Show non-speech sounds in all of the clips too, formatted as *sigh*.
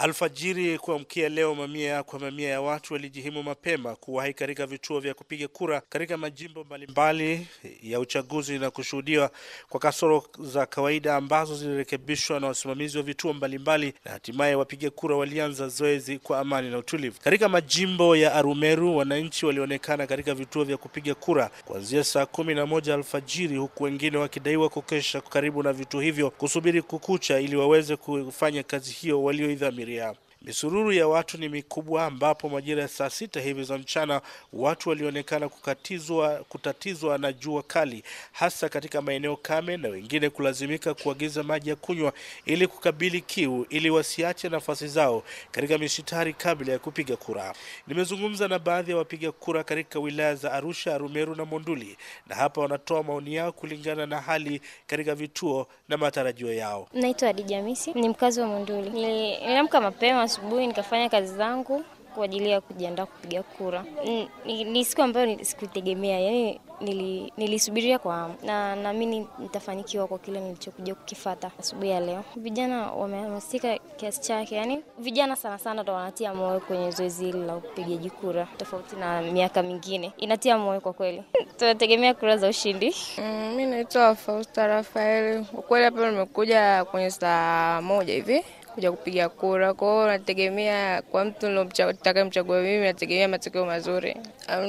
Alfajiri kuamkia leo, mamia kwa mamia ya watu walijihimu mapema kuwahi katika vituo vya kupiga kura katika majimbo mbalimbali ya uchaguzi na kushuhudiwa kwa kasoro za kawaida ambazo zilirekebishwa na wasimamizi wa vituo mbalimbali, na hatimaye wapiga kura walianza zoezi kwa amani na utulivu. Katika majimbo ya Arumeru, wananchi walionekana katika vituo vya kupiga kura kuanzia saa kumi na moja alfajiri, huku wengine wakidaiwa kukesha karibu na vituo hivyo kusubiri kukucha ili waweze kufanya kazi hiyo walioidhamiri. area Misururu ya watu ni mikubwa, ambapo majira ya saa sita hivi za mchana watu walionekana kukatizwa, kutatizwa na jua kali, hasa katika maeneo kame, na wengine kulazimika kuagiza maji ya kunywa ili kukabili kiu, ili wasiache nafasi zao katika mishitari kabla ya kupiga kura. Nimezungumza na baadhi ya wapiga kura katika wilaya za Arusha, arumeru na Monduli, na hapa wanatoa maoni yao kulingana na hali katika vituo na matarajio yao. Naitwa Adijamisi, ni mkazi wa Monduli. Niliamka mapema asubuhi nikafanya kazi zangu kwa ajili ya kujiandaa kupiga kura. Ni, ni, ni siku ambayo sikutegemea, yani nili, nilisubiria kwa hamu na naamini nitafanikiwa kwa kile nilichokuja kukifata asubuhi ya leo. Vijana wamehamasika kiasi chake, yani vijana sana sana ndo wanatia moyo kwenye zoezi hili la upigaji kura, tofauti na miaka mingine. Inatia moyo kwa kweli, tunategemea kura za ushindi. Mm, mi naitwa Fausta Rafaeli. Kwa kweli hapa nimekuja kwenye saa moja hivi kuja kupiga kura. Kwa hiyo nategemea kwa mtu mchagua mimi, nategemea matokeo mazuri.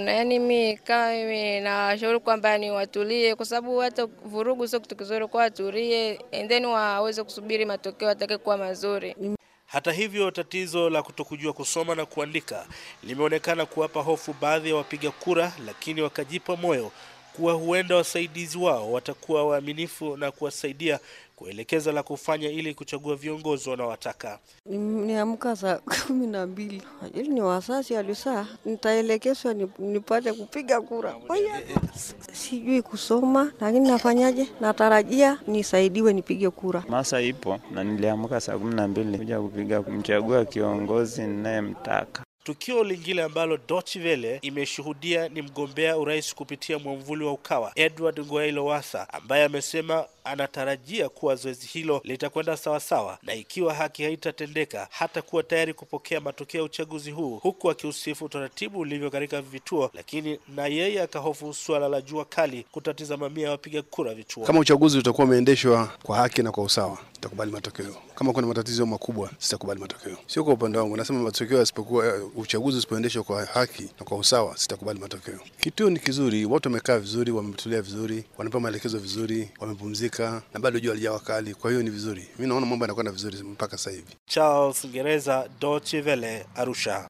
yani mi kama mimi nawashauri kwamba ni watulie, kwa sababu hata vurugu sio kitu kizuri, kwa watulie endeni waweze kusubiri matokeo kuwa mazuri. Hata hivyo, tatizo la kutokujua kusoma na kuandika limeonekana kuwapa hofu baadhi ya wapiga kura, lakini wakajipa moyo kuwa huenda wasaidizi wao watakuwa waaminifu na kuwasaidia kuelekeza la kufanya ili kuchagua viongozi wanaowataka. Niamka saa *laughs* kumi na mbili ili ni wasasi alisaa nitaelekezwa nipate kupiga kura. Sijui kusoma, lakini nafanyaje? Natarajia nisaidiwe nipige kura. Masa ipo na niliamka saa kumi na mbili kuja kupiga kumchagua kiongozi ninayemtaka. Tukio lingine ambalo Deutsche Welle imeshuhudia ni mgombea urais kupitia mwamvuli wa Ukawa Edward Ngoyai Lowassa ambaye amesema anatarajia kuwa zoezi hilo litakwenda sawasawa, na ikiwa haki haitatendeka hata kuwa tayari kupokea matokeo ya uchaguzi huu, huku akiusifu utaratibu ulivyo katika vituo, lakini na yeye akahofu suala la jua kali kutatiza mamia ya wapiga kura vituo. Kama uchaguzi utakuwa umeendeshwa kwa haki na kwa usawa, tutakubali matokeo. Kama kuna matatizo makubwa, sitakubali matokeo. Sio kwa upande wangu, nasema matokeo yasipokuwa, eh, uchaguzi usipoendeshwa kwa haki na kwa usawa, sitakubali matokeo. Kituo ni kizuri, watu wamekaa vizuri, wametulia vizuri, wanapewa maelekezo vizuri, wamepumzika wamelalamika na bado jua kali. kwa hiyo ni vizuri. Mimi naona mambo yanakwenda vizuri mpaka sasa hivi. Charles Gereza, Deutsche Welle, Arusha.